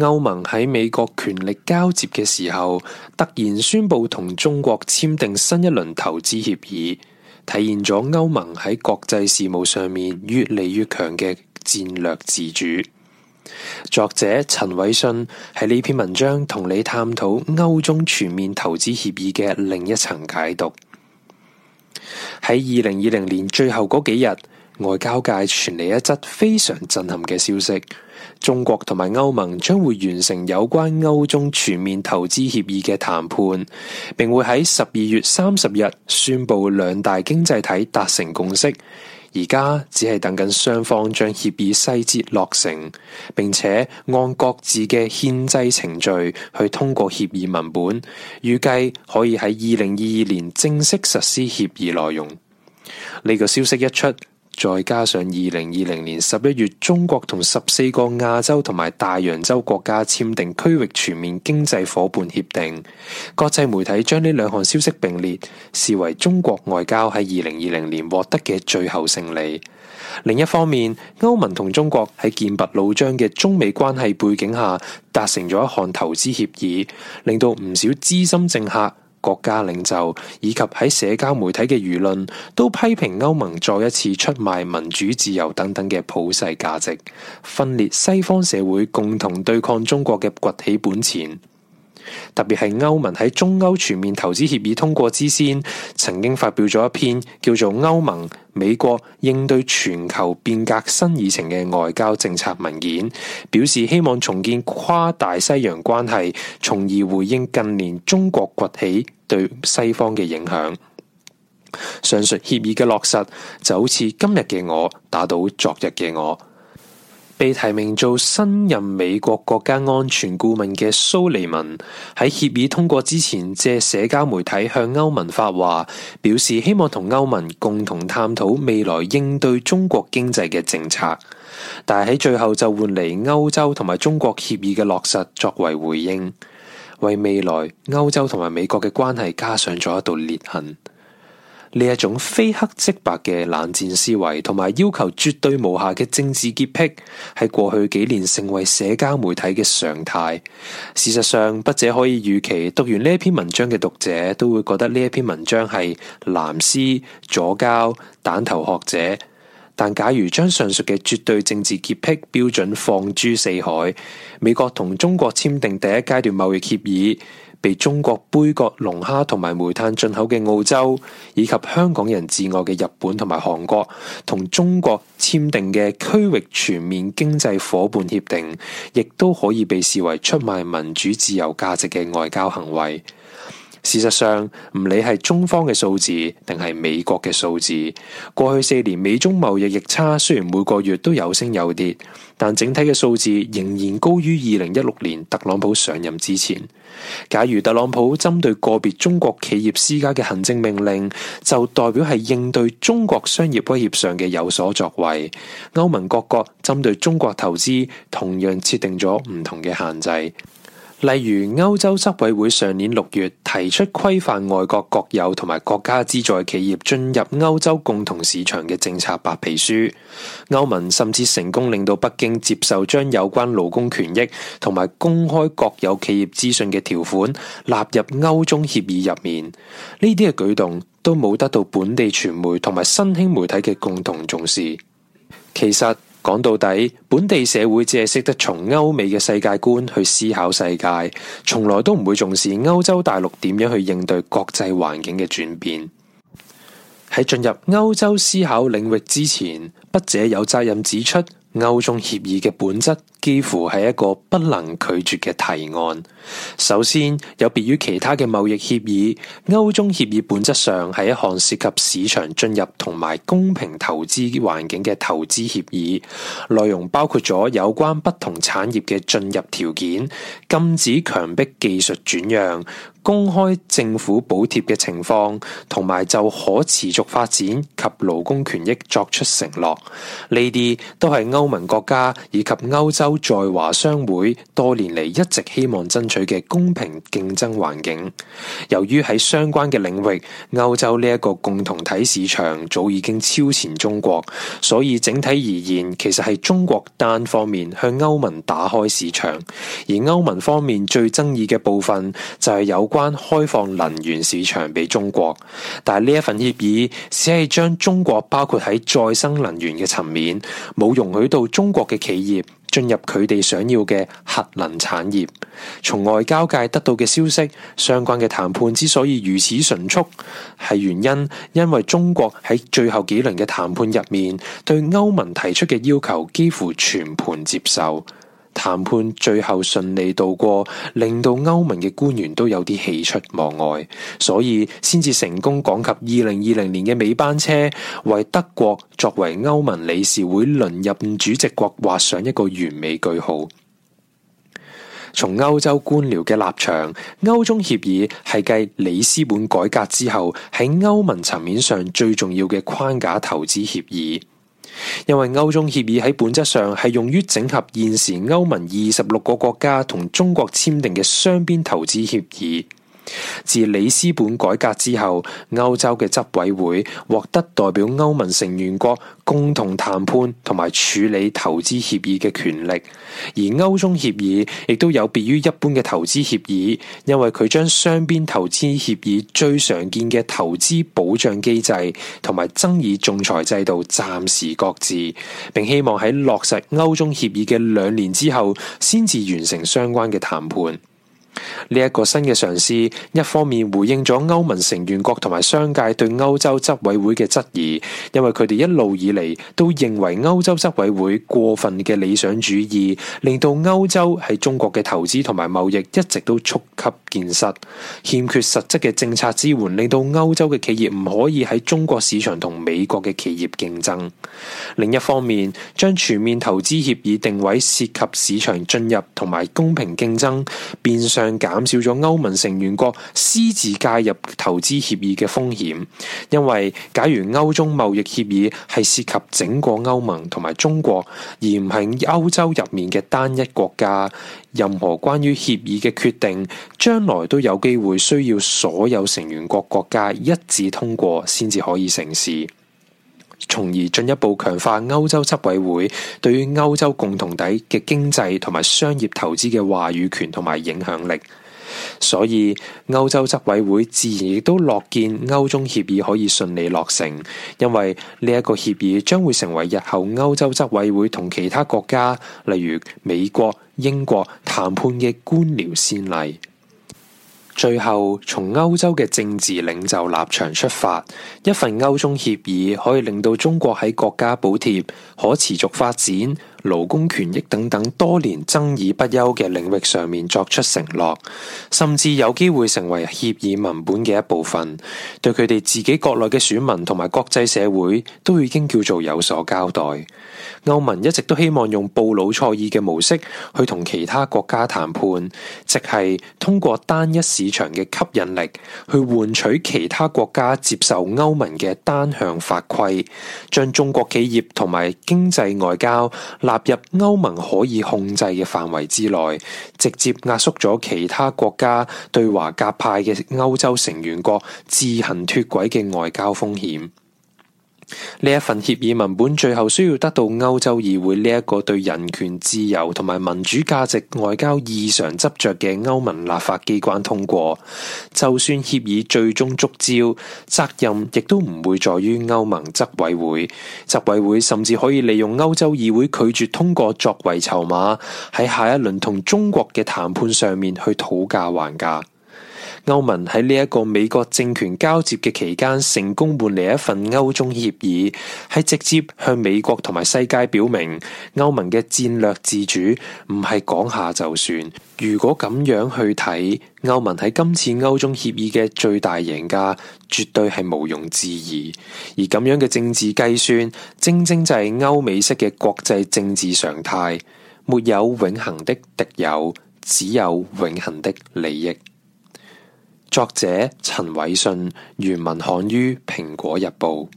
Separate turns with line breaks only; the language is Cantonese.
歐盟喺美國權力交接嘅時候，突然宣布同中國簽訂新一輪投資協議，體現咗歐盟喺國際事務上面越嚟越強嘅戰略自主。作者陳偉信喺呢篇文章同你探討歐中全面投資協議嘅另一層解讀。喺二零二零年最後嗰幾日，外交界傳嚟一則非常震撼嘅消息，中國同埋歐盟將會完成有關歐中全面投資協議嘅談判，並會喺十二月三十日宣布兩大經濟體達成共識。而家只係等緊雙方將協議細節落成，並且按各自嘅憲制程序去通過協議文本，預計可以喺二零二二年正式實施協議內容。呢、這個消息一出。再加上二零二零年十一月，中國同十四個亞洲同埋大洋洲國家簽訂區域全面經濟伙伴協定，國際媒體將呢兩項消息並列，視為中國外交喺二零二零年獲得嘅最後勝利。另一方面，歐盟同中國喺劍拔弩張嘅中美關係背景下達成咗一項投資協議，令到唔少資深政客國家領袖以及喺社交媒體嘅輿論，都批評歐盟再一次出賣民主自由等等嘅普世價值，分裂西方社會，共同對抗中國嘅崛起本錢。特別係歐盟喺中歐全面投資協議通過之先，曾經發表咗一篇叫做《歐盟美國應對全球變革新議程》嘅外交政策文件，表示希望重建跨大西洋關係，從而回應近年中國崛起對西方嘅影響。上述協議嘅落實，就好似今日嘅我打倒昨日嘅我。被提名做新任美國國家安全顧問嘅蘇利文喺協議通過之前，借社交媒體向歐盟發話，表示希望同歐盟共同探討未來應對中國經濟嘅政策。但係喺最後就換嚟歐洲同埋中國協議嘅落實作為回應，為未來歐洲同埋美國嘅關係加上咗一道裂痕。呢一種非黑即白嘅冷戰思維，同埋要求絕對無瑕嘅政治潔癖，係過去幾年成為社交媒體嘅常態。事實上，筆者可以預期，讀完呢一篇文章嘅讀者都會覺得呢一篇文章係藍絲、左膠、蛋頭學者。但假如將上述嘅絕對政治潔癖標準放諸四海，美國同中國簽訂第一階段貿易協議，被中國杯葛龍蝦同埋煤炭進口嘅澳洲，以及香港人至愛嘅日本同埋韓國，同中國簽訂嘅區域全面經濟夥伴協定，亦都可以被視為出賣民主自由價值嘅外交行為。事實上，唔理係中方嘅數字，定係美國嘅數字，過去四年美中貿易逆差雖然每個月都有升有跌，但整體嘅數字仍然高於二零一六年特朗普上任之前。假如特朗普針對個別中國企業施加嘅行政命令，就代表係應對中國商業威脅上嘅有所作為。歐盟各國針對中國投資同樣設定咗唔同嘅限制。例如，歐洲執委會上年六月提出規範外國國有同埋國家資助企業進入歐洲共同市場嘅政策白皮書，歐盟甚至成功令到北京接受將有關勞工權益同埋公開國有企業資訊嘅條款納入歐中協議入面。呢啲嘅舉動都冇得到本地傳媒同埋新興媒體嘅共同重視。其實。講到底，本地社會只係識得從歐美嘅世界觀去思考世界，從來都唔會重視歐洲大陸點樣去應對國際環境嘅轉變。喺進入歐洲思考領域之前，筆者有責任指出，歐中協議嘅本質幾乎係一個不能拒絕嘅提案。首先，有別於其他嘅貿易協議，歐中協議本質上係一項涉及市場進入同埋公平投資環境嘅投資協議，內容包括咗有關不同產業嘅進入條件、禁止強迫技術轉讓。公開政府補貼嘅情況，同埋就可持續發展及勞工權益作出承諾，呢啲都係歐盟國家以及歐洲在華商會多年嚟，一直希望爭取嘅公平競爭環境。由於喺相關嘅領域，歐洲呢一個共同體市場早已經超前中國，所以整體而言，其實係中國單方面向歐盟打開市場，而歐盟方面最爭議嘅部分就係有關關開放能源市場俾中國，但係呢一份協議只係將中國包括喺再生能源嘅層面，冇容許到中國嘅企業進入佢哋想要嘅核能產業。從外交界得到嘅消息，相關嘅談判之所以如此迅速，係原因因為中國喺最後幾輪嘅談判入面，對歐盟提出嘅要求幾乎全盤接受。談判最後順利度過，令到歐盟嘅官員都有啲喜出望外，所以先至成功講及二零二零年嘅尾班車，為德國作為歐盟理事會輪任主席國畫上一個完美句號。從歐洲官僚嘅立場，歐中協議係繼里斯本改革之後喺歐盟層面上最重要嘅框架投資協議。因為歐中協議喺本質上係用於整合現時歐盟二十六個國家同中國簽訂嘅雙邊投資協議。自里斯本改革之後，歐洲嘅執委會獲得代表歐盟成員國共同談判同埋處理投資協議嘅權力。而歐中協議亦都有別於一般嘅投資協議，因為佢將雙邊投資協議最常見嘅投資保障機制同埋爭議仲裁制度暫時擱置，並希望喺落實歐中協議嘅兩年之後，先至完成相關嘅談判。呢一個新嘅嘗試，一方面回應咗歐盟成員國同埋商界對歐洲執委會嘅質疑，因為佢哋一路以嚟都認為歐洲執委會過分嘅理想主義，令到歐洲喺中國嘅投資同埋貿易一直都捉襟見肘，欠缺實質嘅政策支援，令到歐洲嘅企業唔可以喺中國市場同美國嘅企業競爭。另一方面，將全面投資協議定位涉及市場進入同埋公平競爭，變相減少咗歐盟成員國私自介入投資協議嘅風險。因為假如歐中貿易協議係涉及整個歐盟同埋中國，而唔係歐洲入面嘅單一國家，任何關於協議嘅決定，將來都有機會需要所有成員國國家一致通過先至可以成事。從而進一步強化歐洲執委會對於歐洲共同體嘅經濟同埋商業投資嘅話語權同埋影響力，所以歐洲執委會自然亦都樂見歐中協議可以順利落成，因為呢一個協議將會成為日後歐洲執委會同其他國家，例如美國、英國談判嘅官僚先例。最後，從歐洲嘅政治領袖立場出發，一份歐中協議可以令到中國喺國家補貼，可持續發展、勞工權益等等多年爭議不休嘅領域上面作出承諾，甚至有機會成為協議文本嘅一部分，對佢哋自己國內嘅選民同埋國際社會都已經叫做有所交代。歐盟一直都希望用布魯塞爾嘅模式去同其他國家談判，即係通過單一市場嘅吸引力去換取其他國家接受歐盟嘅單向法規，將中國企業同埋經濟外交。納入歐盟可以控制嘅範圍之內，直接壓縮咗其他國家對華鴿派嘅歐洲成員國自行脱軌嘅外交風險。呢一份協議文本最後需要得到歐洲議會呢一個對人權、自由同埋民主價值外交異常執着嘅歐盟立法機關通過。就算協議最終觸礁，責任亦都唔會在於歐盟執委會。執委會甚至可以利用歐洲議會拒絕通過作為籌碼，喺下一輪同中國嘅談判上面去討價還價。歐盟喺呢一個美國政權交接嘅期間，成功換嚟一份歐中協議，係直接向美國同埋世界表明，歐盟嘅戰略自主唔係講下就算。如果咁樣去睇，歐盟喺今次歐中協議嘅最大贏家，絕對係毋庸置疑。而咁樣嘅政治計算，正正就係歐美式嘅國際政治常態，沒有永恒的敵友，只有永恒的利益。作者陳偉信，原文刊於蘋果日報。